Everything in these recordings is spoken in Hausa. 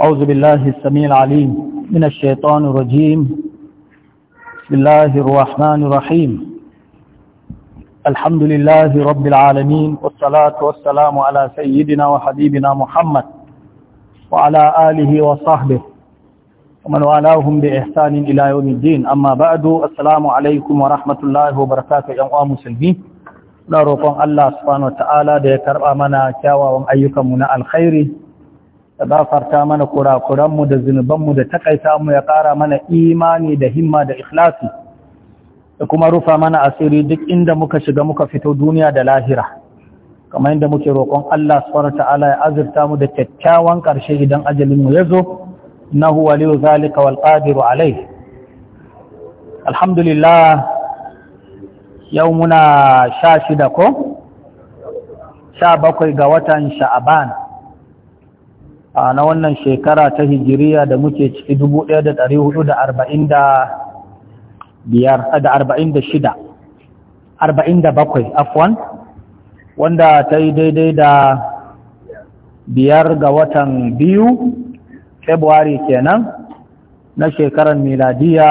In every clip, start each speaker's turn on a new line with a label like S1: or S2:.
S1: أعوذ بالله السميع العليم من الشيطان الرجيم بسم الله الرحمن الرحيم الحمد لله رب العالمين والصلاة والسلام على سيدنا وحبيبنا محمد وعلى آله وصحبه ومن والاهم بإحسان إلى يوم الدين أما بعد السلام عليكم ورحمة الله وبركاته يا مسلمين na roƙon Allah subhanahu wataala da ya karɓa mana kyawawan da gafarta mana kurakuranmu da zunubanmu da takaita mu ya ƙara mana imani da himma da ikhlasi da kuma rufa mana asiri duk inda muka shiga muka fito duniya da lahira kamar yadda muke roƙon Allah subhanahu ta'ala ya azurta mu da kyakkyawan ƙarshe idan ajalin mu yazo innahu waliyyu zalika wal qadiru alayh alhamdulillah yau muna 16 ko 17 ga watan sha'aban na wannan shekara ta hijiriya da muke ciki 1447 afwan wanda ta yi daidai da biyar ga watan biyu februari kenan na shekarar miladiya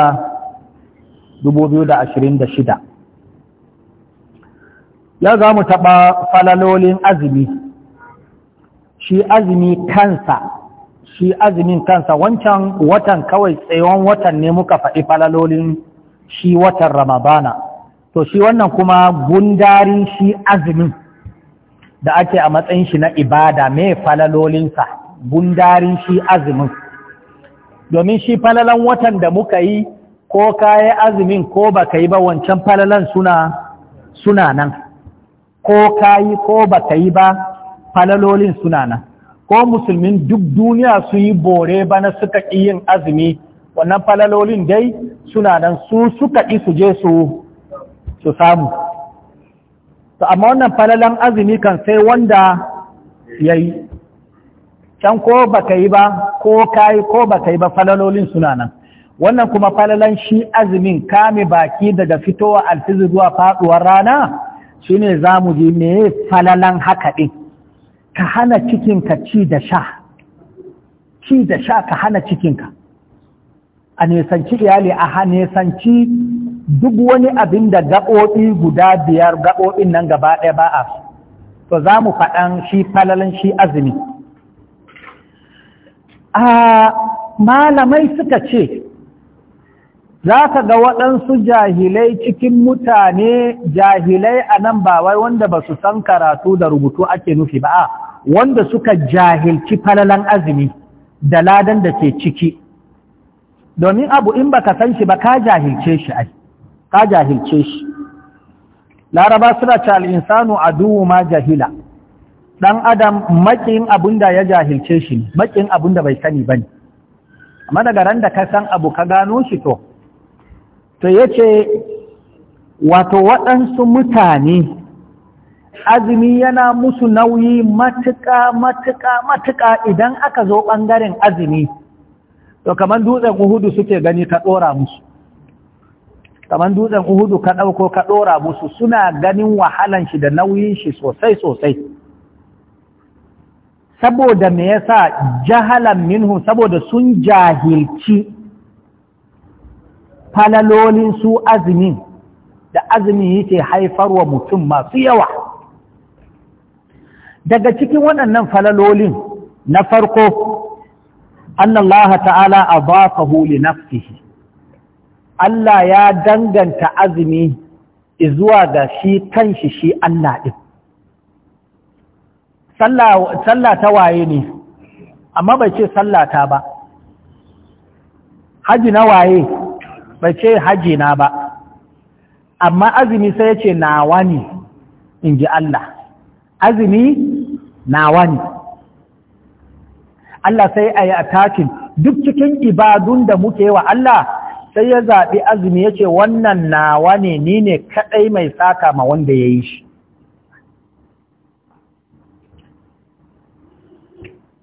S1: 2026 ya za mu taɓa falalolin azumi shi azumi kansa shi azumin kansa wancan watan kawai tsayon watan ne muka faɗi falalolin shi watan ramadana to shi wannan kuma gundarin shi azumin da ake a matsayin shi na ibada mai falalolinsa gundarin shi azumin domin shi falalan watan da muka yi ko kayi azumin ko ba ka yi ba wancan falalan suna nan ko kayi ko ba yi ba falalolin suna nan ko musulmin duk duniya sun yi bore bana suka ƙi yin azumi wannan falalolin dai suna nan su suka ƙi su je su su samu to amma wannan falalan azumi kan sai wanda ya yi can ko baka yi ba ko yi ko baka yi ba falalolin suna nan wannan kuma falalan shi azumin kame baki daga fitowa alfizu zuwa faɗuwar rana shine mu ji me falalan haka ɗin. ka hana cikinka ci da sha ci da sha ka hana cikinka a nesanci iyali a nesanci duk wani abin da gaɓoɓi guda biyar gaɓoɓin nan gaba ɗaya ba a to za mu faɗan shi falalan shi azumi a malamai suka ce za ka ga waɗansu jahilai cikin mutane jahilai a nan ba wai wanda ba su san karatu da rubutu ake nufi ba wanda suka jahilci falalan azumi da ladan da ke ciki domin abu in baka san shi ba ka jahilce shi ai ka jahilce shi laraba suna ce al'insanu duhu ma jahila ɗan adam maƙin abin da ya jahilce shi makin maƙin abin da bai sani ba ne amma daga ran da ka san abu ka gano shi to to yace wato waɗansu mutane azumi yana musu nauyi matuƙa matuƙa matuƙa idan aka zo ɓangaren azumi to kamar dutsen uhudu suke gani ka ɗora musu kamar dutsen uhudu ka ɗauko ka ɗora musu suna ganin wahalan shi da nauyin shi sosai sosai saboda me yasa jahalan minhu saboda sun jahilci falalolin su azumi da azumi yake wa mutum masu yawa daga cikin waɗannan falalolin na farko Allah ta'ala a ba li nafsihi Allah ya danganta azumi zuwa ga shi kanshi shi Allah ɗin sallah ta waye ne amma bai ce sallata ba haji na waye Bace ce haji na ba amma azumi sai ya ce nawa ne in ji Allah azumi nawa ne Allah sai a yi atakin duk cikin ibadun da muke wa Allah sai ya zaɓi azumi ya ce wannan nawa ne ni ne kaɗai mai saka ma wanda ya yi shi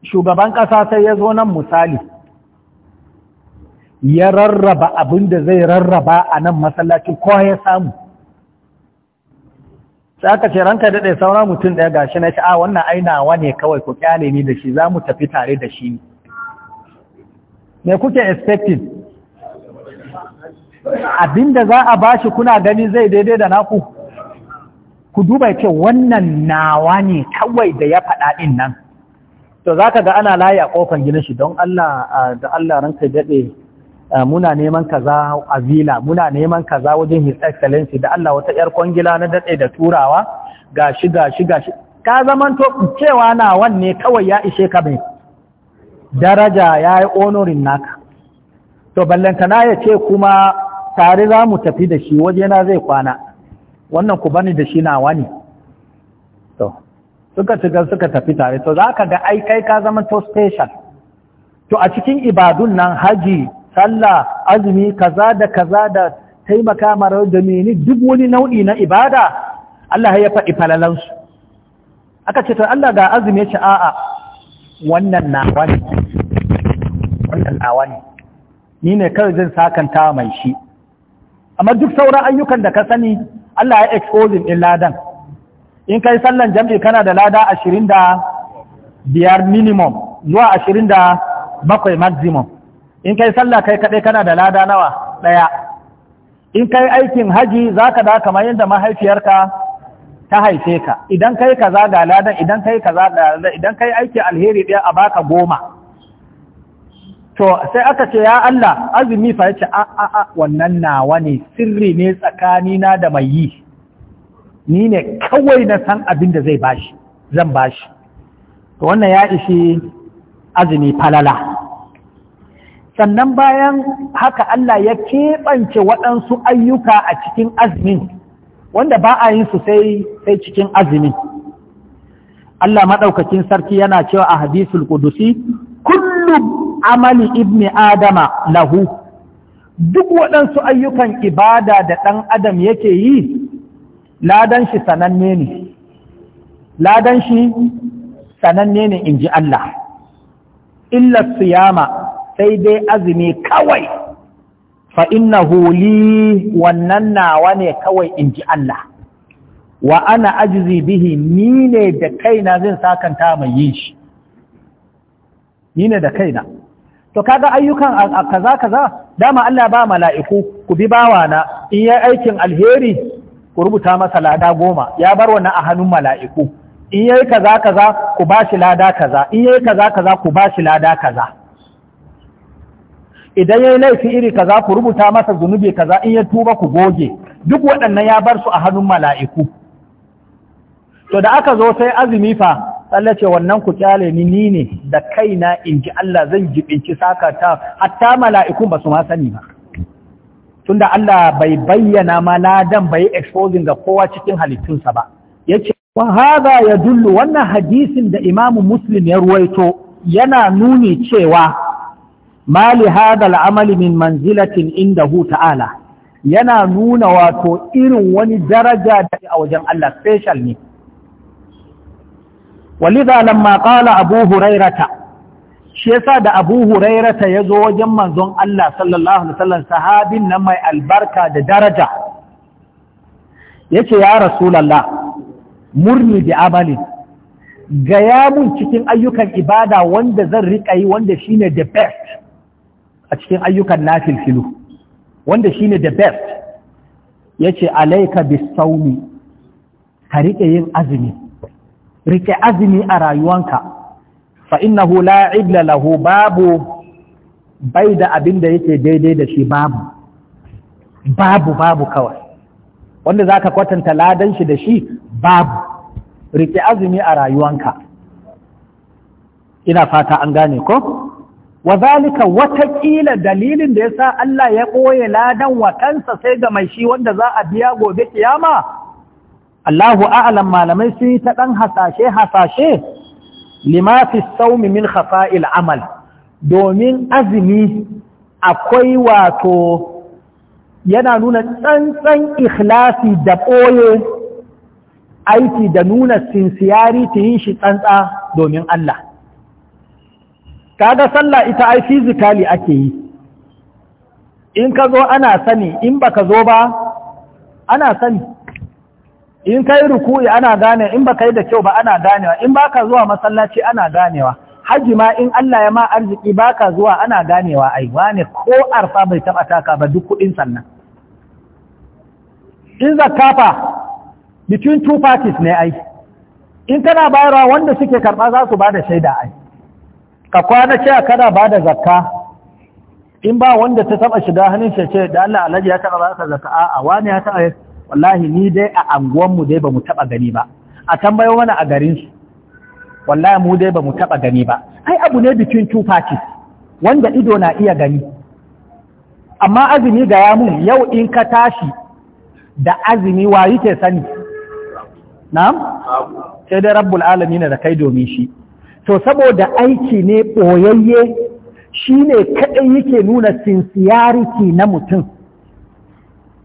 S1: shugaban ƙasa sai ya zo nan misali ya rarraba abin da zai rarraba a nan masallacin kowa ya samu sai aka ce ranka daɗe sauran mutum ɗaya gashi na ce a wannan ainawa ne kawai ku kyale ni da shi za mu tafi tare da shi me kuke expecting da za a bashi kuna gani zai daidai da naku ku duba ce wannan nawa ne kawai da ya faɗa ɗin nan to za ka ga ana layi a ƙofar gina shi don Allah da Allah ranka daɗe Ah, muna neman kaza a villa muna neman kaza wajen his excellency da Allah wata yar kwangila na daɗe da turawa gashi gashi gashi ka zamanto cewa na wanne kawai ya ishe ka mai daraja ya yi onorin naka to na ya ce kuma tare za mu tafi da shi wajena zai kwana wannan ku bani da shi nawa ne to suka shiga suka tafi tare to za ka ga ai kai ka zama to special to a cikin ibadun nan haji sallah azumi kaza da kaza da taimaka mara da meni duk wani nau'i na ibada Allah ya faɗi falalansu aka ce to Allah ga azumi ya ce a'a wannan nawa ne wannan nawa ne ni ne kawai zan sakanta mai shi amma duk sauran ayyukan da ka sani Allah ya expose in ladan in kai sallan jam'i kana da lada ashirin da biyar minimum zuwa ashirin da bakwai maximum in kai sallah kai kaɗai kana da lada nawa ɗaya in kai aikin haji za ka da kamar yadda mahaifiyarka ta haife ka idan kai kaza ga ladan idan kai kaza ga ladan idan kai aiki alheri ɗaya a baka goma to sai aka ce ya Allah azumi fa yace a a a wannan nawa ne sirri ne tsakanina da mai yi ni ne kawai na san abin da zai bashi zan bashi to wannan ya ishi azumi falala sannan bayan haka Allah ya keɓance waɗansu ayyuka a cikin azumin wanda ba a yin su sai cikin azumin Allah maɗaukakin sarki yana cewa a hadisul kudusi kullum amali ibni adama lahu duk waɗansu ayyukan ibada da ɗan adam yake yi ladan shi sananne ne ladan shi sananne ne in ji Allah illa siyama sai dai azumi kawai fa innahu li wannan nawa ne kawai in ji Allah wa ana ajizi bihi ni ne da kaina zan sakanta mai yin shi ni ne da kaina to kaga ayyukan kaza kaza dama Allah ba mala'iku ku bi bawana in yi aikin alheri ku rubuta masa lada goma ya bar wani a hannun mala'iku in yi kaza kaza ku ba shi lada kaza in yi kaza kaza ku ba shi lada kaza idan yayi laifi iri kaza ku rubuta masa zunubi kaza in ya tuba ku goge duk waɗannan ya bar su a hannun mala'iku to da aka zo sai azumi fa Allah ce wannan ku kyale ni ni ne da kaina in ji Allah zan jibinci sakata hatta mala'iku ba su ma sani ba tunda Allah bai bayyana ma ladan bai exposing ga kowa cikin halittunsa ba yace wa ya yadullu wannan hadisin da Imam Muslim ya ruwaito yana nuni cewa ma li hadal amali min manzilatin indahu ta'ala yana nuna wato irin wani daraja da a wajen Allah special ne walidha lamma qala abu hurairata shi yasa da abu hurairata yazo wajen manzon Allah sallallahu alaihi wasallam sahabin nan mai albarka da daraja yace ya rasulullah murni bi amalin gaya mun cikin ayyukan ibada wanda zan riƙa yi wanda shine the best a cikin ayyukan nafil filu wanda shine the best yace alaika bisawmi ka riƙe yin azumi rike azumi a rayuwanka fa innahu la ibla lahu babu bai da abin da yake daidai da shi babu babu babu kawai wanda zaka kwatanta ladan shi da shi babu rike azumi a rayuwanka ina fata an gane ko wa zalika watakila dalilin da yasa Allah ya ɓoye ladan watansa sai ga mai shi wanda za a biya gobe kiyama Allahu a'lam malamai sun yi ta ɗan hasashe hasashe lima fi saumi min khafa'il amal domin azumi akwai wato yana nuna tsantsan ikhlasi da ɓoye aiki da nuna sinsiyari yin shi tsantsa domin Allah kaga sallah ita ai physically ake yi in ka zo ana sani in baka zo ba ana sani in kai ruku'i ana gane in baka yi da kyau ba ana ganewa in baka zuwa masallaci ana ganewa haji ma in Allah ya ma arziki baka zuwa ana ganewa ai wane ko arfa bai taba taka ba duk kudin sannan in zakafa between two parties ne ai in kana bayarwa wanda suke karba za su bada shaida ai ka kwana ce a kana ba da zakka in ba wanda ta taba shiga hannun shi ce da Allah alhaji ya taba ba ka zakka a'a wani ya taba wallahi ni dai a anguwan mu dai bamu taba gani ba a tambayo mana a garin su wallahi mu dai bamu taba gani ba ai abu ne bikin two wanda ido na iya gani amma azumi ga ya mun yau in ka tashi da azumi wa yake sani na'am sai dai rabbul alamin da kai domin shi to saboda aiki ne ɓoyayye shi ne kaɗai yake nuna sinsiyariti na mutum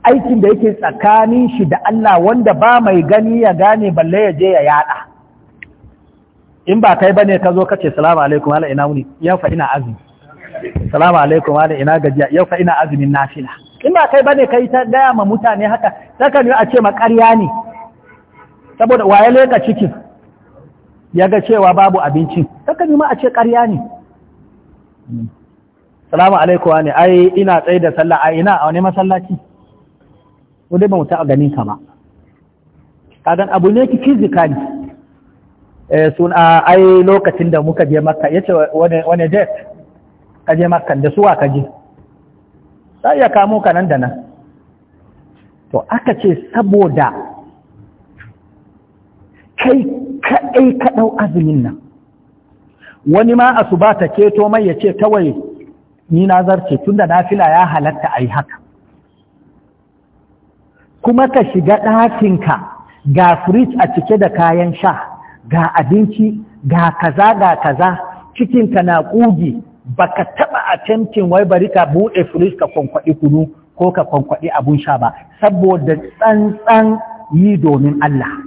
S1: aikin da yake tsakanin shi da Allah wanda ba mai gani ya gane balle ya je ya yada in ba kai bane ka zo ka ce salamu alaikum ala ina wuni yau fa ina azumi salamu alaikum ala ina gajiya yau fa ina azumin nafila in ba kai bane kai ta gaya ma mutane haka saka ne a ce ma ƙarya ne saboda waye leka cikin ya ga cewa babu abinci yi ma a ce ƙarya ne salamu alaikowa ne ai ina tsaye da sallah a ina a wani masallaci wadai ba mutu a ganin ka ba kagan abu ne ki fizika ne eh, Suna ai lokacin da muka je maka, ya ce wani jet ka je maka da suwa ka je sa iya kamo ka nan da nan to aka ce saboda kai kaɗai ka ɗau azumin nan wani ma a su ba ta keto mai ya ce kawai ni na zarce tun da nafila ya halatta a yi haka kuma ka shiga ɗakinka ga firij a cike da kayan sha ga abinci ga kaza ga kaza cikinka na ƙugi ba ka taɓa a tentin wai bari ka buɗe firij ka kwankwaɗi kunu ko ka kwankwaɗi abun sha ba saboda tsantsan yi domin Allah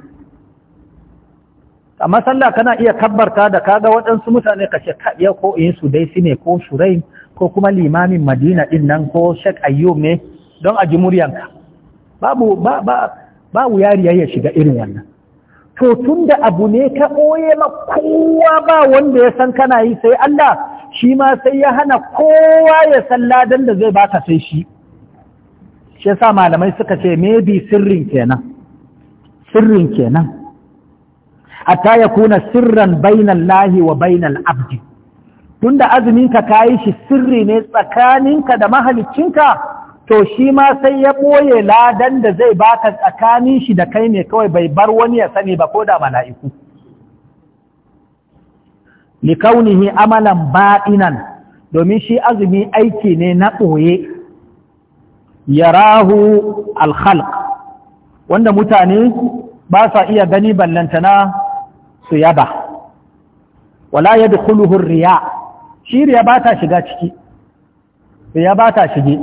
S1: amma sallah kana iya kabbarta da kaga waɗansu mutane ka ce ko in su dai su ne ko shurai ko kuma limamin madina ɗin nan ko shek ayyub ne don a ji muryanka babu ba ba ba ya shiga irin wannan to tun da abu ne ka ɓoye ma kowa ba wanda ya san kana yi sai Allah shi ma sai ya hana kowa ya san ladan da zai baka sai shi shi yasa malamai suka ce maybe sirrin kenan sirrin kenan hatta ya kuna sirran bainan lahi wa bainan abdi tunda azuminka kayi shi sirri ne tsakaninka da mahalicinka to shi ma sai ya ɓoye ladan da zai baka tsakanin shi da kai ne kawai bai bar wani ya sani ba ko da mala'iku likaunihi amalan ba'inan domin shi azumi aiki ne na ɓoye yarahu alhalk wanda mutane ba sa iya gani ballantana su yaba wala ya dukuluhun riya shi riya ba ta shiga ciki riya ba ta shige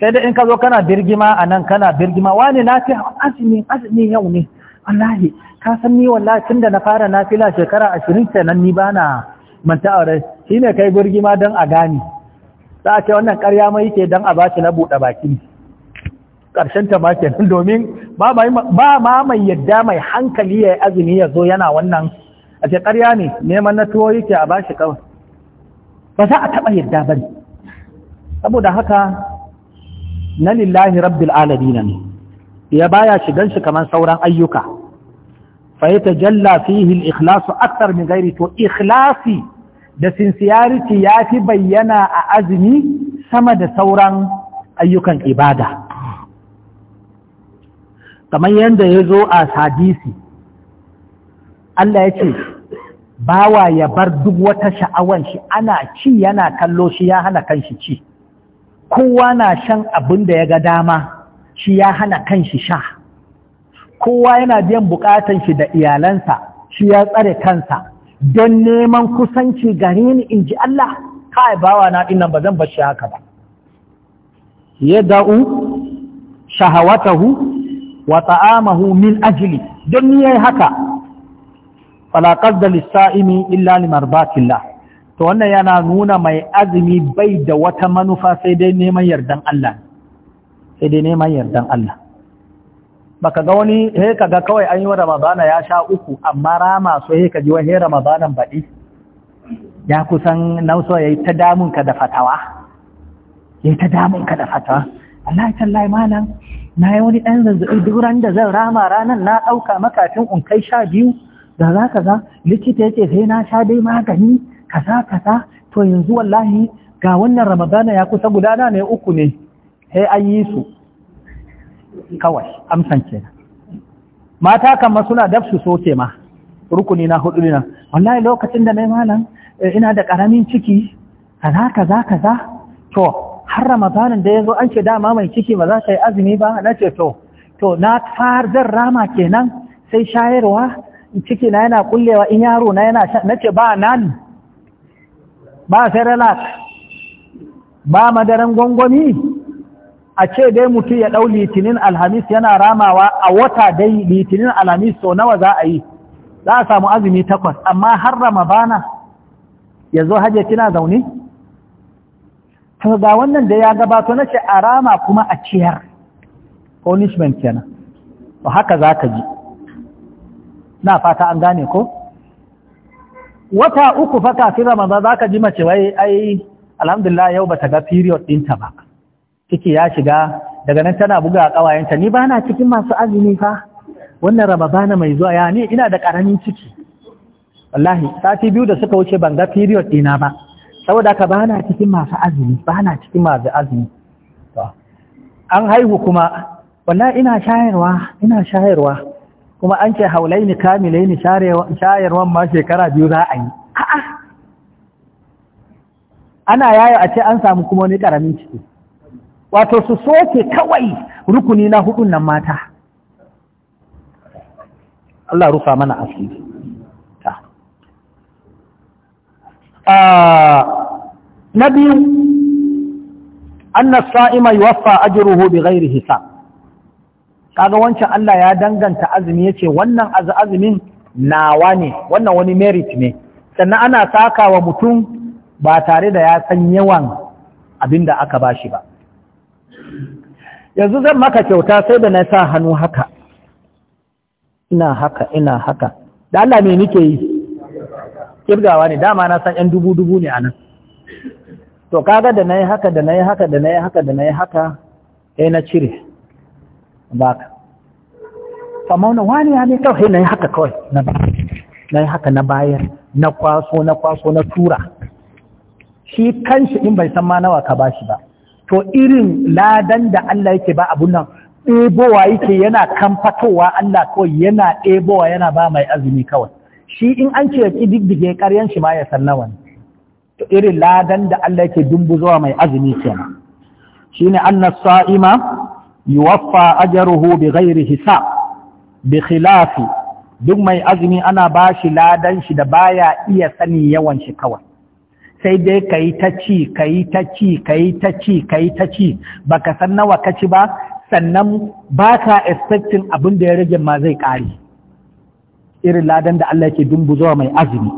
S1: sai da in ka zo kana birgima a kana birgima wani na fi azumi azumi yau ne wallahi ka san ni wallahi tun da na fara na fila shekara ashirin kenan ni ba na manta aure shi ne kai birgima don a gani za a ce wannan karya mai yake don a bashi na buɗe baki ƙarshen ta kenan domin ba ma mai yadda mai hankali ya yi azumi ya zo yana wannan a ce ƙarya ne neman na tuwo yake a bashi kawai ba za a taɓa yadda ba ne saboda haka na lillahi rabbil alamin ne ya baya shigan shi kamar sauran ayyuka fa jalla fihi hil ikhlasu akthar min gairi to ikhlasi da sincerity ya fi bayyana a azumi sama da sauran ayyukan ibada kamar yadda ya zo a hadisi Allah ya ce bawa ya bar duk wata sha'awan shi ana ci yana kallo shi ya hana kanshi ci kowa na shan abin da ya ga dama shi ya hana kanshi sha kowa yana biyan bukatan shi da iyalansa shi ya tsare kansa don neman kusanci gare ni in ji Allah kai bawa na ina ba zan bar shi haka ba ya da'u shahawatahu wa ta'amahu min ajili. don ni ya yi haka fala da lis-sa'imi illa limarbatillah to wannan yana nuna mai azumi bai da wata manufa sai dai neman yardan Allah sai dai neman yardan Allah baka ga wani he kaga kawai an yi wa ramadana ya sha uku amma rama so he kaji wa he ramadanan baɗi ya kusan nauso yayi ta damun da fatawa yayi ta damun ka da fatawa Allah ya tallahi malam na yi wani ɗan zazzaɓi duk ran da zan rama ranar na ɗauka makafin in kai sha biyu da za ka za likita ya ce sai na sha dai magani kasa kasa to yanzu wallahi ga wannan ramadana ya kusa gudana ne uku ne sai an yi su kawai amsan kenan mata kamar suna daf su ke ma rukuni na hudu na. wallahi lokacin da na malam eh, ina da karamin ciki kaza kaza kaza to har ramadanin da ya zo an ce dama mai ciki ba za ta yi azumi ba na ce to to na far zan rama kenan sai shayarwa ciki na yana kullewa in yaro na yana sha nace ba nan ba serelak ba madaran gwangwami a ce dai mutum ya ɗau litinin alhamis yana ramawa a wata dai litinin alhamis so nawa za a yi za a samu azumi takwas amma har bana ya zo hajji kina zaune? ga wannan da ya gabato nace ce a rama kuma a ciyar punishment kenan to haka za ka ji na fata an gane ko wata uku fa kafin za ka ji mace wai ai alhamdulillah yau bata ga period ɗinta ba ciki ya shiga daga nan tana buga kawayenta ni bana cikin masu azumi fa wannan ramadana mai zuwa ya ne ina da karamin ciki wallahi sati biyu da suka wuce ban ga period ɗina ba saboda ka bana cikin masu azumi bana cikin masu azumi an haihu kuma wallahi ina shayarwa ina shayarwa kuma an ce haulaini ni shayarwan ma shekara biyu za a yi ana yayo a ce an samu kuma wani karamin ciki wato su soke kawai rukuni na hudun nan mata Allah rufa mana asiri ta na biyu annas sa'ima yuwaffa ajruhu bighairi hisab kaga wancan Allah ya danganta azumi yace wannan azumin nawa ne wannan wani merit ne sannan ana saka wa mutum ba tare da ya san yawan abin da aka bashi ba yanzu zan maka kyauta sai da na sa hannu haka ina haka ina haka da Allah me nike yi kirgawa ne dama na san yan dubu dubu ne anan to kaga da nayi haka da nayi haka da nayi haka da nayi haka eh na cire baka amma wani wani ya ne kawai na yi haka kawai na ba na yi haka na bayar na kwaso na kwaso na tura shi kanshi in bai san ma nawa ka bashi ba to irin ladan da Allah yake ba abun nan ɗebowa yake yana kamfatowa Allah kawai yana ɗebowa yana ba mai azumi kawai shi in an ce ƙididdige ƙaryan shi ma ya san nawa to irin ladan da Allah yake dumbu zuwa mai azumi kenan shine annas sa'ima yuwaffa ajruhu bighairi hisab bi khilafi duk mai azumi ana bashi ladan shi da baya iya sani yawan shi kawai sai dai yi ta ci yi ta ci yi ta ci yi ta ci ka san nawa ka ci ba sannan baka expecting abin da ya rage ma zai kare irin ladan da Allah yake dumbuzo mai azumi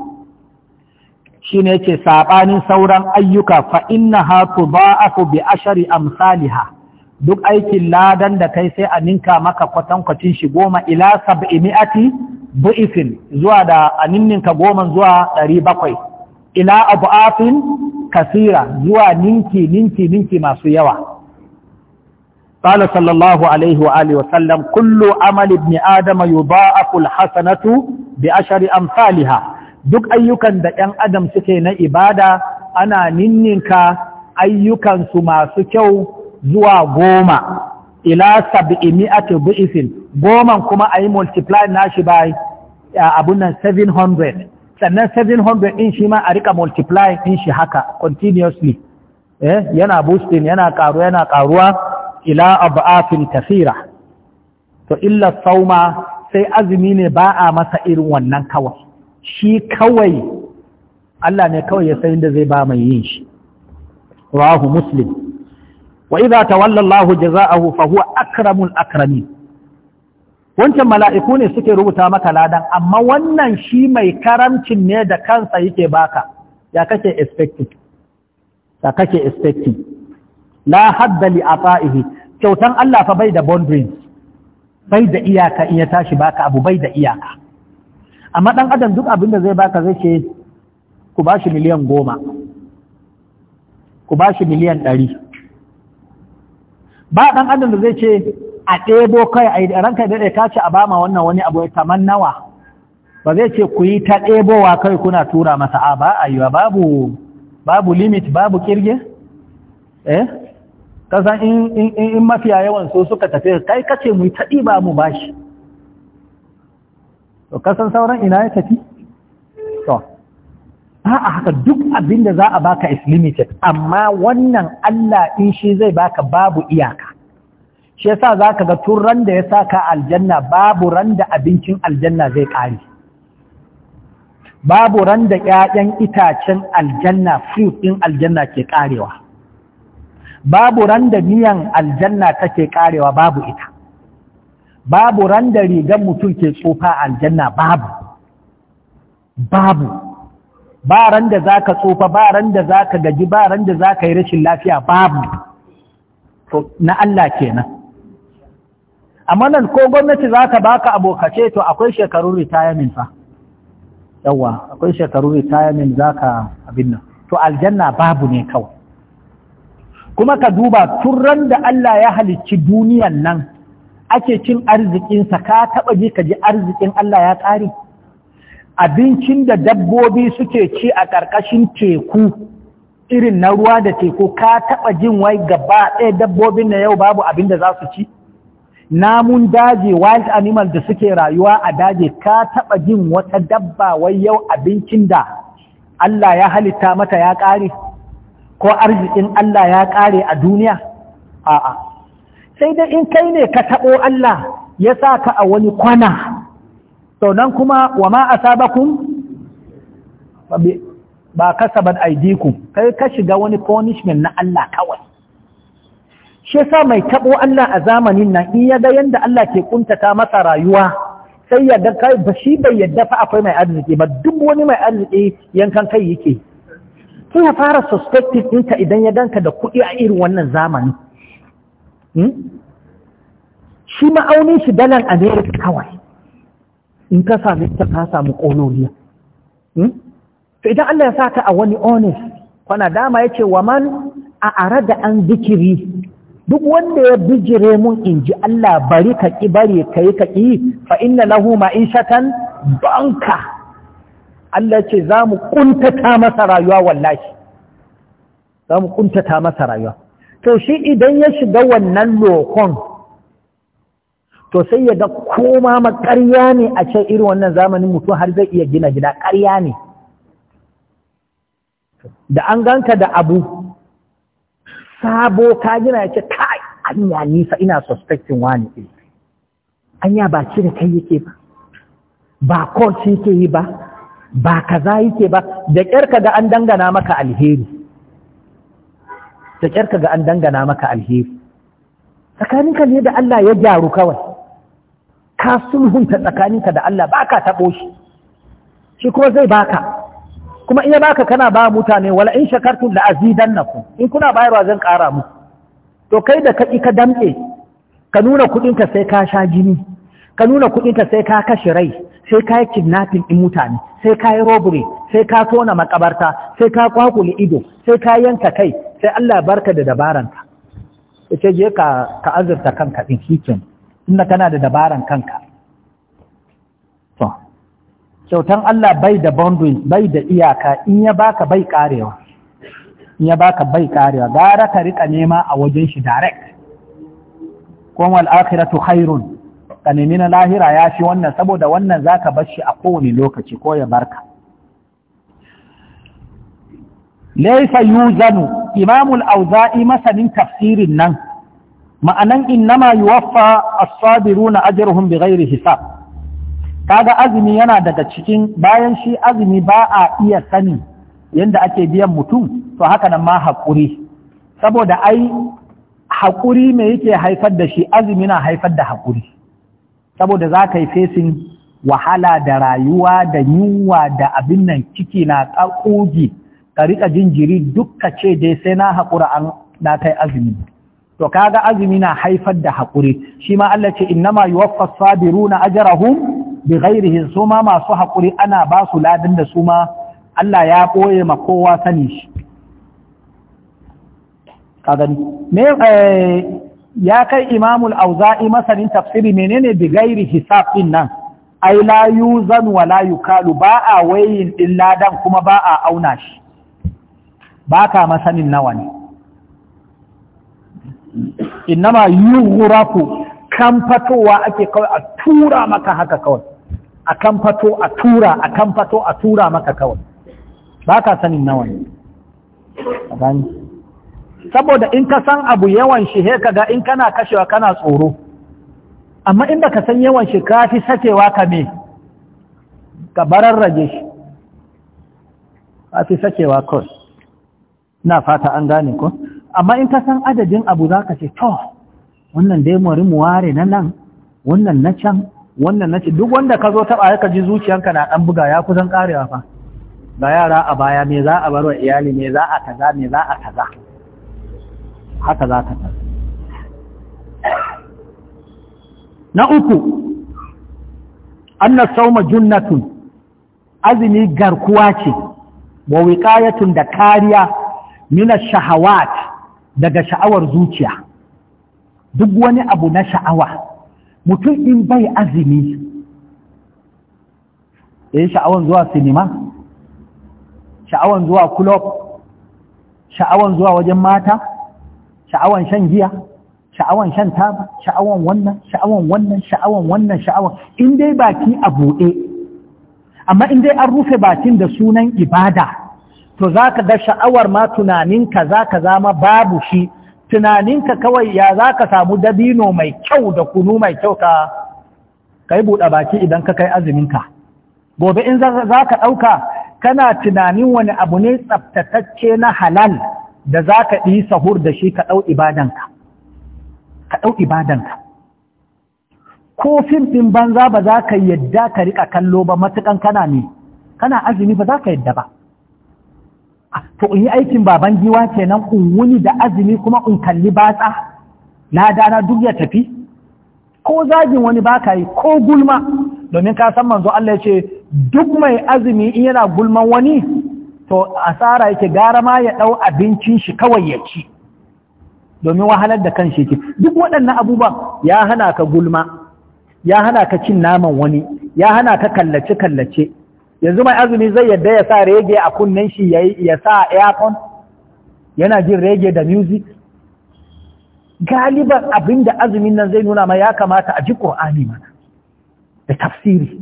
S1: shine yace saɓanin sauran ayyuka fa innaha tudha'afu bi ashari amsalha duk aikin ladan da kai sai a ninka maka kwatankwacin shi goma ila sab'imi'ati bu'ifin zuwa da a ninninka goma zuwa ɗari bakwai ila abu'afin kasira zuwa ninki ninki ninki masu yawa قال صلى الله عليه وآله وسلم كل عمل ابن آدم يضاعف الحسنة بأشر أمثالها duk ayyukan da ‘yan adam suke na ibada ana ninninka ayyukansu masu kyau zuwa goma ila sab'ii mi'atu bu'isin goman kuma a yi multiply nashi by uh, abun nan 700 sannan 700 in shi ma a rika multiply ɗin shi haka continuously eh yana boosting yana karu yana karuwa ila ab'afin kathira to illa sauma sai azumi ne ba a masa irin wannan kawai shi kawai Allah ne kawai ya san da zai ba mai yin shi rahu muslim wa idza tawalla Allah jazaahu fa huwa akramul akramin wancan mala'iku ne suke rubuta maka ladan amma wannan shi mai karamcin ne da kansa yake baka ya kake expecting ya kake expecting la hadda li ata'ihi kyautan Allah fa bai da boundaries bai da iyaka in ya tashi baka abu bai da iyaka amma ɗan adam duk abin da zai baka zai ce ku ba shi miliyan goma ku ba shi miliyan ɗari ba ɗan adam da zai ce a ɗebo kai a yi ranka daɗe ka ce a ba ma wannan wani abu kamar nawa ba zai ce ku yi ta ɗebowa kai kuna tura masa a ba a yiwa babu babu limit babu kirge eh kasan in in mafiya yawan so suka tafi kai kace mu ta ɗiba mu bashi to kasan sauran ina ya tafi Ba a haka duk abin da za a baka is limited amma wannan Allah in shi zai baka babu iyaka shi yasa zaka ga tun ran da ya saka aljanna babu ran da abincin aljanna zai ƙare. babu ran da ƴaƴan itacen aljanna fruit din aljanna ke ƙarewa. babu ran da miyan aljanna take ƙarewa babu ita babu ran da rigar mutum ke tsofa aljanna babu babu ba ran da za ka tsofa ba ran da za ka gaji ba ran da za ka yi rashin lafiya babu to na Allah kenan amma nan ko gwamnati za ka baka abokace to akwai shekarun retirement fa yawa akwai shekarun retirement za ka abin nan to aljanna babu ne kawai kuma ka duba turan da Allah ya halicci duniyan nan ake cin arzikinsa ka taɓa ji ka ji arzikin Allah ya ƙare abincin da dabbobi suke ci a ƙarƙashin teku irin na ruwa da teku ka taɓa jin wai gaba ɗaya dabbobin na yau babu abin da za su ci namun daji wild animal da suke rayuwa a daji ka taɓa jin wata dabba wai yau abincin da Allah ya halitta mata ya ƙare ko arzikin Allah ya ƙare a duniya a'a sai dai in kai ne ka taɓo Allah ya sa ka a wani kwana to kuma wa ma asabakum ba kasabat aidiku kai ka shiga wani punishment na Allah kawai shi yasa mai tabo Allah a zamanin nan in ya ga yanda Allah ke kuntata masa rayuwa sai ya ga kai ba shi bai yadda fa akwai mai arziki ba duk wani mai arziki yankan kai yake sai ya fara suspecting ɗinka idan ya danka da kuɗi a irin wannan zamani hmm? shi ma'aunin shi dalan America kawai in ka sami ta ka samu ƙololiya hmm? to idan Allah ya sa saka a wani honest kwana dama ya ce wa man a ara da an zikiri duk wanda ya bijire mun in ji Allah bari ka ƙi bari ka yi ka ƙi fa inna lahu ma'ishatan banka Allah ce za mu ƙuntata masa rayuwa wallahi za mu ƙuntata masa rayuwa to shi idan ya shiga wannan lokon to sai ya ga koma ma ƙarya ne a ce irin wannan zamanin mutum har zai iya gina gida ƙarya ne da an ganka da abu sabo ka gina ya ce kai anya nisa ina suspecting wani ne. anya ba cire kai yake ba ba court yake yi ba ba kaza yake ba da ƙyarka ga an dangana maka alheri da ƙyarka ga an dangana maka alheri tsakaninka ne da Allah ya gyaru kawai ka sulhunta tsakaninka da Allah ba ka taɓo shi shi kuma zai baka kuma iya baka kana ba mutane wala in shakartum la naku in kuna bayarwa zan ƙara mu to kai da ka ka damɗe ka nuna kuɗinka sai ka sha jini ka nuna kuɗinka sai ka kashe rai sai ka yi kidnapping ɗin mutane sai ka yi robbery sai ka tona makabarta sai ka kwakule ido sai ka yanka kai sai Allah barka da dabaranta ita ce je ka azurta kanka in kikin inda kana da dabaran kanka to kyautan Allah bai da boundaries bai da iyaka in ya baka bai karewa in ya baka bai karewa gara ka rika nema a wajen shi direct kuma al'akhiratu khairun ka nemi na lahira ya fi wannan saboda wannan zaka bar shi a kowane lokaci ko ya barka laysa yuzanu imamul auza'i masanin tafsirin nan ma'anan innama yuwaffa as na ajruhum bighairi hisab kaga azumi yana daga cikin bayan shi azumi ba a iya sani yadda ake biyan mutum to haka nan ma haƙuri saboda ai haƙuri me yake haifar da shi azumi na haifar da haƙuri saboda za ka yi fesin wahala da rayuwa da yunwa da abin nan ciki na ƙaƙogi ka riƙa jinjiri duk ka ce dai sai na haƙura an na kai azumi to kaga azumi na haifar da haƙuri shi ma Allah ce innama yuwaffas sabiruna ajrahum bighairihi su ma masu haƙuri ana ba su ladin da su ma Allah ya ɓoye ma kowa sani shi me eh, ya kai imamul auza'i masanin tafsiri menene bigairi hisab din nan ai la yuzan wa la yukalu ba a wayin din ladan kuma ba a auna shi Baka masanin nawa ne innama yughraku kan fatowa ake kawai a tura maka haka kawai a kan fato a tura a kan fato a tura maka kawai ba ka sanin nawa ne saboda in ka san abu yawan shi he kaga in kana kashewa kana tsoro amma in baka san yawan shi ka fi sakewa ka me ka bararrage shi ka fi sakewa kawai na fata an gane ko amma in ka san adadin abu za ka ce to wannan dai mori mu ware na nan wannan na can wannan na ce duk wanda ka zo taɓa ya ka ji zuciyanka na ɗan buga ya kusan ƙarewa fa ga yara a baya me za a bar wa iyali me za a kaza me za a kaza haka za ka tafi na uku annas sauma junnatun azumi garkuwa ce wa wiqayatun da kariya mina shahawat daga sha'awar zuciya duk wani abu na sha'awa mutum in bai azumi eh sha'awan zuwa sinima sha'awan zuwa kulob sha'awan zuwa wajen mata sha'awan shan giya sha'awan shan taba sha'awan wannan sha'awan wannan sha'awan wannan sha'awan in dai baki a buɗe amma in dai an rufe bakin da sunan ibada to za ka ga sha'awar ma tunaninka za ka zama babu shi tunaninka kawai ya za ka samu dabino mai kyau da kunu mai kyau ka yi buɗe baki idan ka kai aziminka. gobe in za ka ɗauka kana tunanin wani abu ne tsaftatacce na halal da za ka ɗi sahur da shi ka ɗau ibadanka ka ɗau ibadanka ko fim ɗin banza ba za ka yadda ka riƙa kallo ba matuƙan kana ne kana azumi ba za ka yadda ba to in yi aikin baban giwa kenan in wuni da azumi kuma in kalli batsa na dana duk ya tafi ko zagin wani baka yi ko gulma domin ka san manzo Allah ya ce duk mai azumi in yana gulman wani to asara yake gara ma ya dau abincin shi kawai ya ci domin wahalar da kan shi duk waɗannan abubuwan ya hana ka gulma ya hana ka cin naman wani ya hana ka kallace kallace yanzu mai azumi zai yadda ya sa rege a kunnen shi ya sa aircon yana jin rege da music galiban abin da azumin nan zai nuna ma ya kamata a ji ƙur'ani mana da tafsiri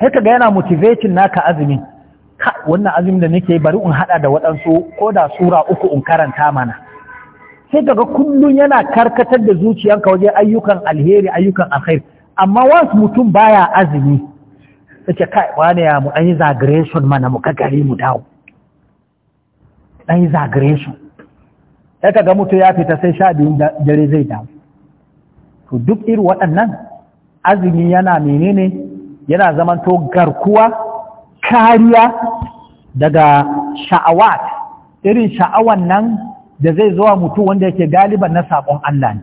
S1: haka ga yana motivating naka azumin wannan azumin da nake bari in hada da waɗansu ko da sura uku in karanta mana sai daga kullum yana karkatar da zuciyanka wajen ayyukan alheri ayyukan alheri, amma wasu mutum baya azumi suke kai wane ya mu an yi zagression mana muka gari mu dawo an yi zagression ya ga mutu ya fita sai sha biyun dare zai dawo to duk irin waɗannan azumi yana menene yana zamanto garkuwa kariya daga sha'awa irin sha'awan nan da zai zuwa mutu wanda yake galiban na sabon Allah ne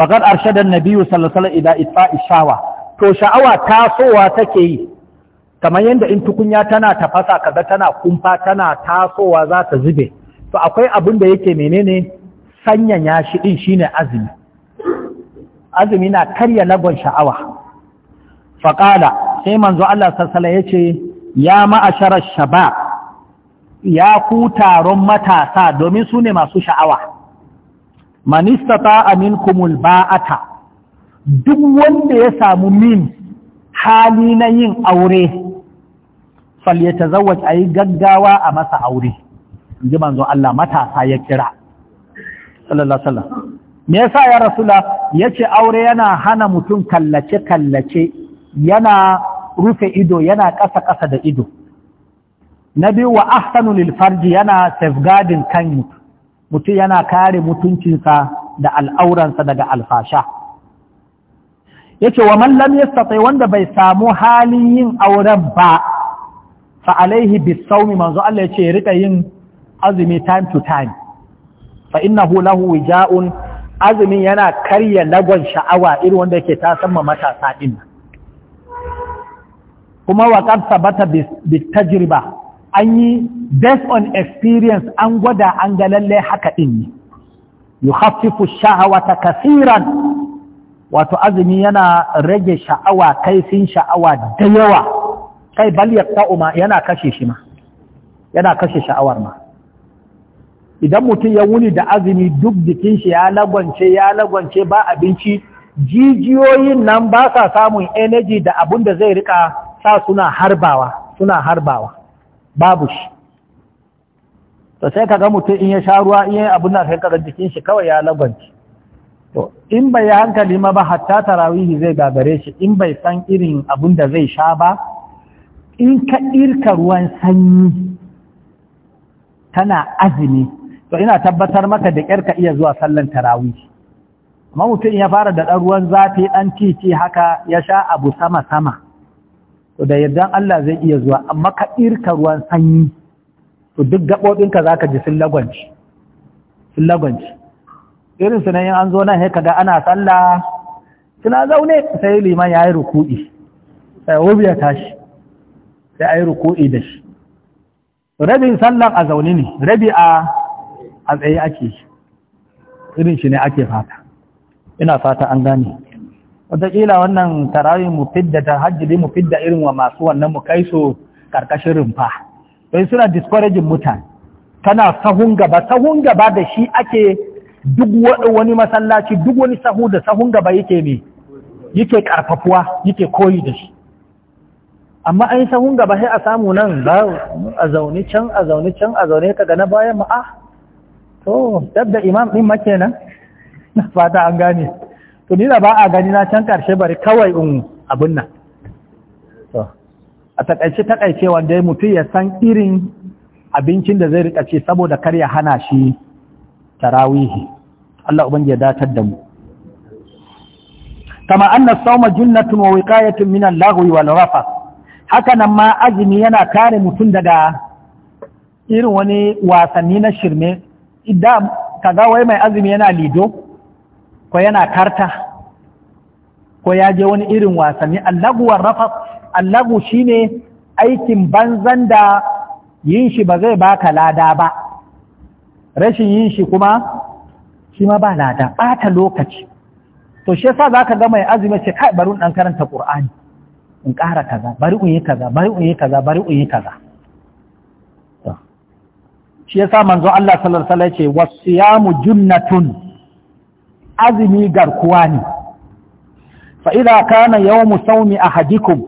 S1: faƙar arshadan nabiyu sallallahu alaihi sallam ila shawa to sha'awa tasowa take yi kamar yadda in tukunya tana tafasa kaga tana kumfa tana tasowa za ta zube to akwai abin da yake menene sanyanya shi din shine azumi azumi na karya lagon sha'awa faƙala sai manzo Allah sassala ya ce ya ma'asharar shaba ya ku taron matasa domin su ne masu sha'awa manistata amin kumul ba'ata duk wanda ya samu min hali na yin aure falyata zawaj a yi gaggawa a masa aure ji manzo Allah matasa ya kira sallallahu sallam me yasa ya rasula yace aure yana hana mutum kallace kallace yana rufe ido yana ƙasa ƙasa da ido na biyu wa ahsanu lil farji yana safeguarding kan mutum yana kare mutuncinsa da al'auransa daga alfasha yace wa man lam yastati wanda bai samu halin yin auren ba fa alaihi saumi manzo Allah yace rika yin azumi time to time fa innahu lahu wija'un azumin yana karya lagon sha'awa irin wanda yake ta tasamma matasa din kuma wa qad sabata bi tajriba an yi based on experience an gwada an ga lalle haka din ne yukhaffifu shahawata kaseeran wato azumi yana rage sha'awa kaifin sha'awa da yawa kai bal yaqta'u yana kashe shi ma yana kashe sha'awar ma idan mutum ya wuni da azumi duk jikin shi ya lagwance ya lagwance ba abinci jijiyoyin nan ba sa samun energy da abun da zai rika sa suna harbawa suna harbawa babu shi to sai kaga mutum in ya sha ruwa in ya abun da sai kaga jikin shi kawai ya lagwance to in bai yi hankali ma ba hatta tarawihi zai gagare shi in bai san irin abin da zai sha ba in ka irka ruwan sanyi tana azumi to ina tabbatar maka da ka iya zuwa sallan tarawihi amma mutum ya fara da ɗaruwan ruwan zafi ɗan titi haka ya sha abu sama-sama to da yardan Allah zai iya zuwa amma ka irka ruwan sanyi to duk gaɓoɓinka za ka ji sun lagwanci irin su ne in an zo nan haka ga ana sallah suna zaune sai liman ya yi ruku'i sai wubi ya tashi sai a yi ruku'i da shi rabin sallan a zaune ne rabi a a tsaye ake irin shi ne ake fata ina fata an gane wataƙila wannan tarawih mu fidda ta hajjidi mu fidda irin wa masu wannan mu kai su karkashin rumfa don suna discouraging mutane tana sahun gaba sahun gaba da shi ake duk wani masallaci duk wani sahu da sahun gaba yake ne yake karfafuwa yake koyi da shi amma an yi sahun gaba sai a samu nan ba a zaune can a zaune can a zaune ka gana bayan ma'a ah, to dab da imam din ma kenan na fata an gane to ni da ba a gani na can karshe bari kawai in abin nan to a takaice takaice wanda mutum ya san irin abincin da zai rika ce saboda kar ya hana shi tarawihi Allah ubangi ya datar da mu kama anna sawma junnatun wa wiqayatun min al-laghwi wal rafath haka nan ma azumi yana kare mutum daga irin wani wasanni na shirme idan kaga wai mai azumi yana lido ko yana karta ko ya je wani irin wasanni allagu wa rafath allagu shine aikin banzan da yin shi ba zai baka lada ba rashin yin shi kuma shi ma ba lada ɓata lokaci to shi yasa zaka ga mai azumi ce kai bari dan karanta qur'ani in ƙara kaza bari in yi kaza bari in yi kaza bari in yi kaza shi yasa manzo Allah sallallahu alaihi ya ce wasiyamu junnatun azumi garkuwa ne fa idza kana yawmu sawmi ahadikum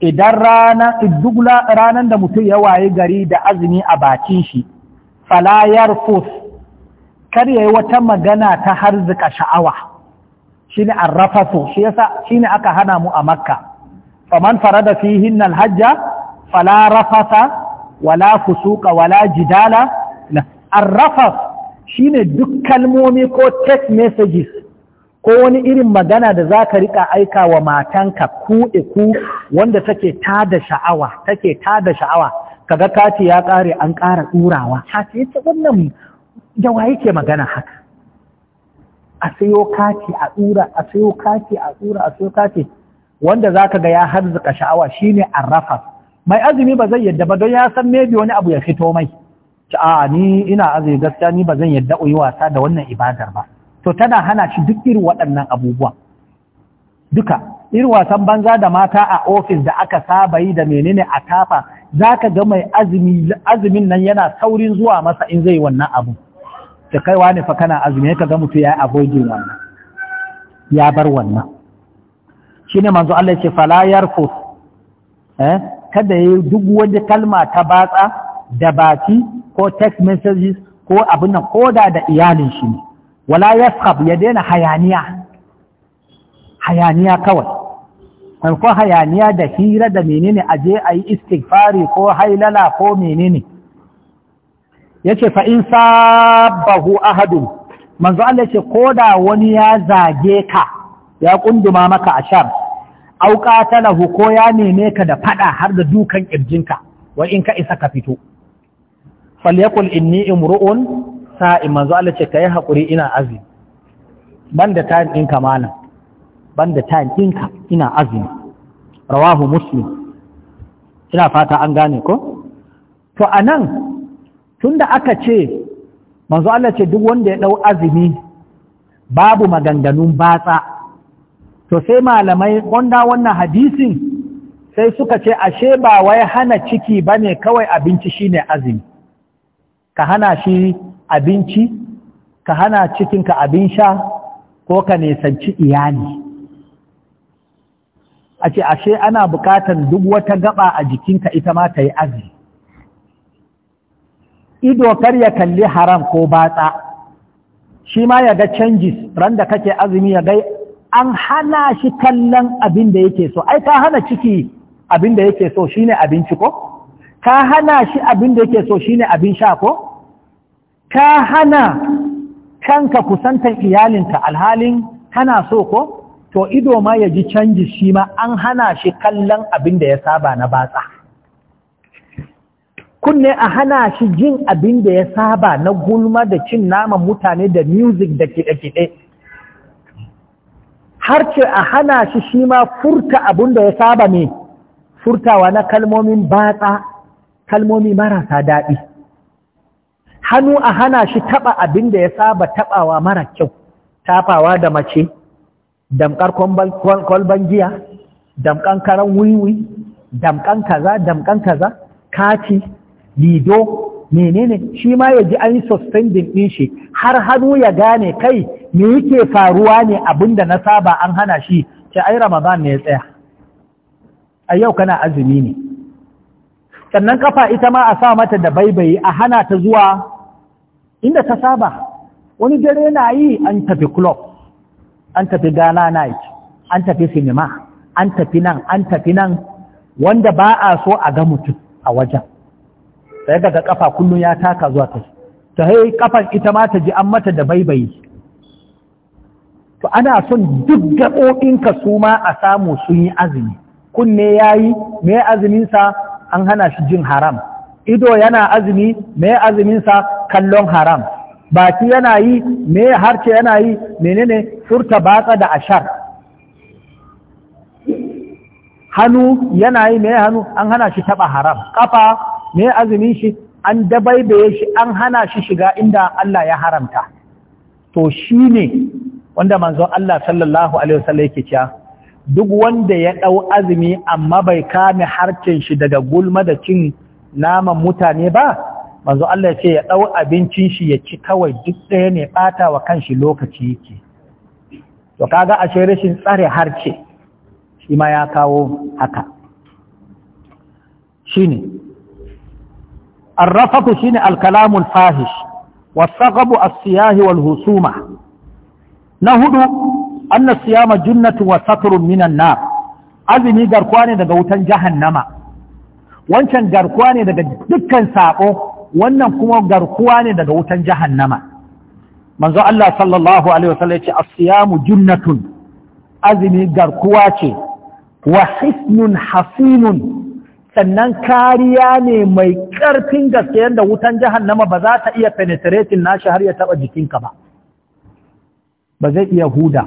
S1: idan rana idugla ranan da mutum ya waye gari da azumi a bakin shi Falayar fus kar yayi wata magana ta harzika sha'awa shine arrafatu shi yasa shine aka hana mu a makka faman farada fihin hajja fala rafasa wala fusuqa wala jidala arrafas shine duk kalmomi ko text messages ko wani irin magana da za ka riƙa aika wa matanka ku ku wanda take tada sha'awa take tada sha'awa Ka ga kati ya ƙare an ƙara turawa haka yace wannan yawa yake magana haka a sayo kati a ɗura, a sayo kati a ɗura, a sayo kati wanda za ka ga ya harzuka sha'awa shine arrafa mai azumi ba zai yadda ba don ya san maybe wani abu ya fito mai ci a ni ina azumi gaskiya ni ba zan yadda uyi wasa da wannan ibadar ba to tana hana shi duk irin waɗannan abubuwa duka irin wasan banza da mata a ofis da aka saba yi da menene a tafa za ka ga mai azumin nan yana saurin zuwa masa in zai wannan abu da kaiwa ne fa kana azumi ka ga mutu ya yi agogin wannan ya bar wannan shi ne manzo Allah ce falayar fus eh kada yi duk wani kalma ta batsa da baki ko text messages ko abin nan koda da iyalin shi ne wala yasqab ya daina hayaniya hayaniya kawai ko hayaniya da hira da menene a je a yi istighfari ko hailala ko menene yace fa in sabahu ahadun manzo Allah ko da wani ya zage ka ya kunduma maka a ashar au lahu ko ya neme ka da fada har da dukan ƙirjinka, wa in ka isa ka fito falyakul inni imru'un sa'im manzo Allah ka yi haƙuri ina azumi banda tayin in kamana banda time ɗinka ina azumi rawahu muslim ina fata an gane ko to a nan tunda aka ce manzo Allah ce duk wanda ya ɗau azumi babu maganganun batsa to sai malamai wanda wannan hadisin sai suka ce ashe ba wai hana ciki bane kawai abinci shine azumi ka hana shi abinci ka hana cikinka abin sha ko ka nisanci iyali a ce ashe ana bukatan duk wata gaba a jikinka ita ma ta yi azumi ido kar ya kalli haram ko batsa shi ma ya ga canjis ran da kake azumi ya gai an hana shi kallon abin da yake so ai ka hana ciki abin da yake so shine abinci ko ka hana shi abin da yake so shine abin sha ko ka hana kanka kusantan iyalinka alhalin kana so ko to ido ma ya ji canji shi ma an hana shi kallon abin da ya saba na batsa kunne a hana shi jin abin da ya saba na gulma da cin naman mutane da music da kiɗe-kiɗe har ce a hana shi shi ma furta abin da ya saba ne furtawa na kalmomin batsa kalmomi marasa daɗi hannu a hana shi taɓa abin da ya saba taɓawa mara kyau tafawa da mace damkar kwalban giya damkan karan wiwi damkan kaza damkan kaza kati lido menene shi ma ya ji an yi suspending ɗin shi har hannu ya gane kai me yake faruwa ne abinda na saba an hana shi ce ai ramadan ne ya tsaya a yau kana azumi ne sannan kafa ita ma a sa mata da baibayi a hana ta zuwa inda ta saba wani dare na yi an tafi club an tafi Ghana night an tafi sinima an tafi nan an tafi nan wanda ba a so a ga mutum a wajen sai daga kafa kullum ya taka zuwa ta ta kafan ita ma ta ji an mata da baibayi to ana son duk gaɓoɓinka su ma a samu sun yi azumi kunne ya yi mai azuminsa an hana shi jin haram ido yana azumi mai azuminsa kallon haram baki yana yi me harce yana yi menene furta batsa da ashar hannu yana yi me hannu an hana shi taba haram kafa me azumin shi an dabaibaye shi an hana shi shiga inda Allah ya haramta to shine wanda manzon Allah sallallahu alaihi wasallam yake cewa duk wanda ya dau azumi amma bai kame harcen shi daga gulma da cin naman mutane ba manzo Allah ya ce ya ɗau abincin shi ya ci kawai duk ɗaya ne ɓata wa kanshi lokaci yake to kaga ashe rashin tsare harce shi ma ya kawo haka shine arrafaku shine alkalamul fahish wasaqabu as-siyahi wal husuma na hudu anna siyama junnatu wa satrun minan nar azumi garkuwa ne daga wutan jahannama wancan garkuwa ne daga dukkan sako wannan kuma garkuwa ne daga wutan jahannama manzo Allah sallallahu alaihi wasallam yace as-siyamu junnatun azmi garkuwa ce wa hisnun hasinun sannan kariya ne mai karfin gaske da wutan jahannama ba za ta iya penetrating nashi har ya taba jikinka ba ba zai iya huda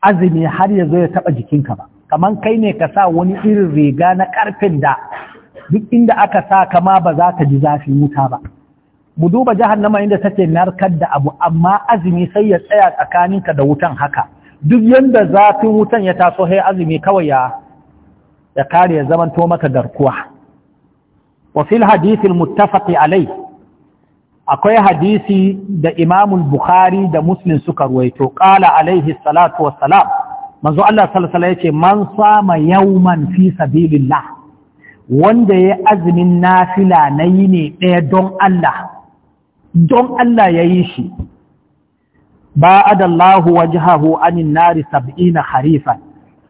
S1: azumi har ya zo ya taba jikinka ba kaman kai ne ka sa wani irin riga na karfin da duk inda aka sa kama ba za ka ji zafin wuta ba mu duba jahannama inda take narkar da abu amma azumi sai ya tsaya tsakaninka da wutan haka duk yanda zafin wutan ya taso sai azumi kawai ya ya kare ya zamanto maka garkuwa wa fil hadith al alai akwai hadisi da Imam bukhari da Muslim suka ruwaito qala alaihi salatu wassalam manzo Allah sallallahu alaihi wasallam yace man sama yawman fi sabilillah wanda ya azumin nafila na yi ne ɗaya don Allah don Allah ya yi shi ba adallahu wajhahu anin nari sab'ina harifa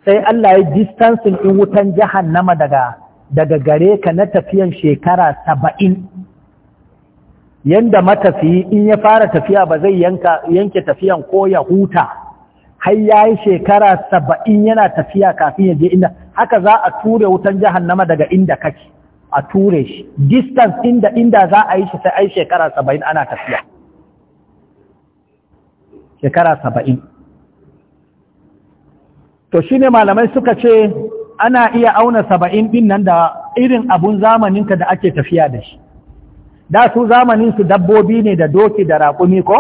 S1: sai Allah ya distancing in wutan jahannama daga daga gare ka na tafiyan shekara saba'in yanda matafiyi in ya fara tafiya ba zai yanke tafiyan ko ya huta har ya yi shekara saba'in yana tafiya kafin ya je inda haka za a ture wutan nama daga inda kake a ture shi distance inda inda za a yi shi sai ai shekara saba'in ana tafiya shekara saba'in to shi ne malamai suka ce ana iya auna saba'in ɗin nan da irin abun zamaninka da ake tafiya da shi da su zamanin su dabbobi ne da doki da raƙumi ko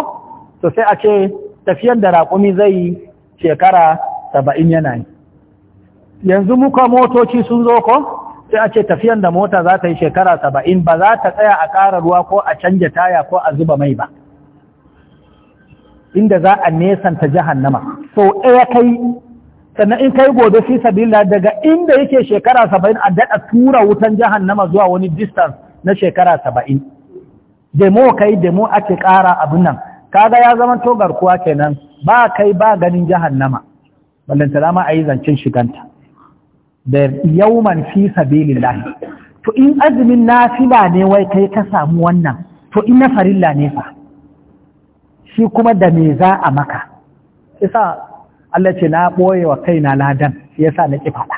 S1: to sai a ce tafiyan da raƙumi zai yi shekara saba'in yana yi yanzu muka motoci sun zo ko sai a ce tafiyan da mota za ta yi shekara saba'in ba za ta tsaya a ƙara ruwa ko a canja taya ko a zuba mai ba inda za a nesanta nama so ɗaya kai sannan in kai gobe fi sabila daga inda yake shekara saba'in a daɗa tura wutan nama zuwa wani distance na shekara saba'in demo kai demo ake ƙara abin nan kaga ya zama to garkuwa kenan ba kai ba ganin jahannama ballanta dama a yi zancen shiganta da yauman fi lahi. to in azumin nafila ne wai kai ka samu wannan to in na farilla ne fa shi kuma da me za a maka isa Allah ce na ɓoye wa kaina ladan shi yasa na kifa faɗa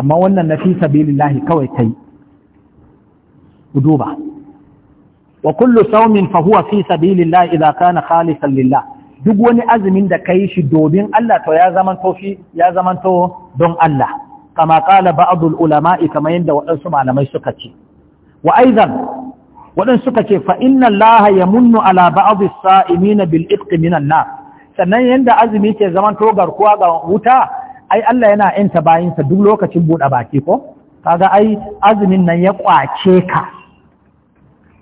S1: amma wannan na fi lahi kawai kai duba wa kullu saumin fa huwa fi sabilillah idza kana khalisan lillah duk wani azumin da kai shi domin Allah to ya zamanto shi ya zamanto don Allah kama qala ba'dul ulama'i kama yadda waɗansu malamai suka ce wa aidan waɗansu suka ce fa inna Allah yamunnu ala ba'dhi sa'imina bil itqi minan nar sannan yanda azumi ke zamanto garkuwa ga wuta ai Allah yana yanta bayinsa duk lokacin buɗe baki ko kaga ai azumin nan ya kwace ka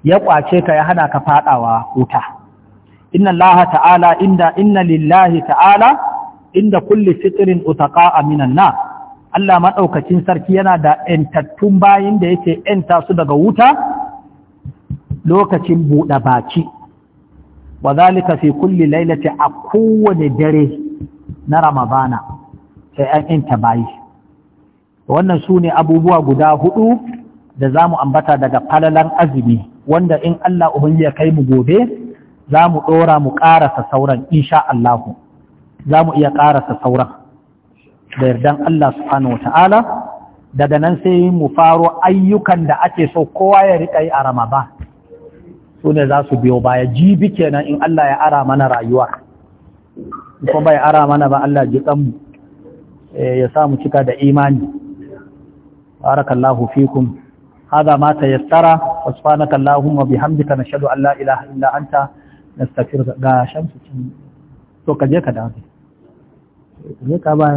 S1: ya kwace ka ya hana ka fadawa wuta inna allaha ta'ala inda inna lillahi ta'ala inda kulli fitrin utaqa'a minan na. Allah madaukakin sarki yana da entattun bayin da yake enta su daga wuta lokacin buɗe baki Wazalika zalika fi kulli lailati a kowane dare na ramadana sai an enta bayi wannan su ne abubuwa guda hudu da za mu ambata daga falalan azumi wanda in Allah uhun ya kai mu gobe za mu ɗora mu ƙarasa sauran insha Allahu za mu iya ƙarasa sauran da yardan Allah subhanahu wa ta'ala daga nan sai mu faro ayyukan da ake so kowa ya riƙa yi a ramaba su ne za su biyo baya jibi kenan in Allah ya ara mana rayuwa ko bai ara mana ba Allah ji kanmu eh, ya samu cika da imani barakallahu fikum هذا ما تيسر وسبحانك اللهم وبحمدك نشهد أن لا إله إلا أنت نستغفرك ga shamsu to kaje ka dawo ka je ka bayar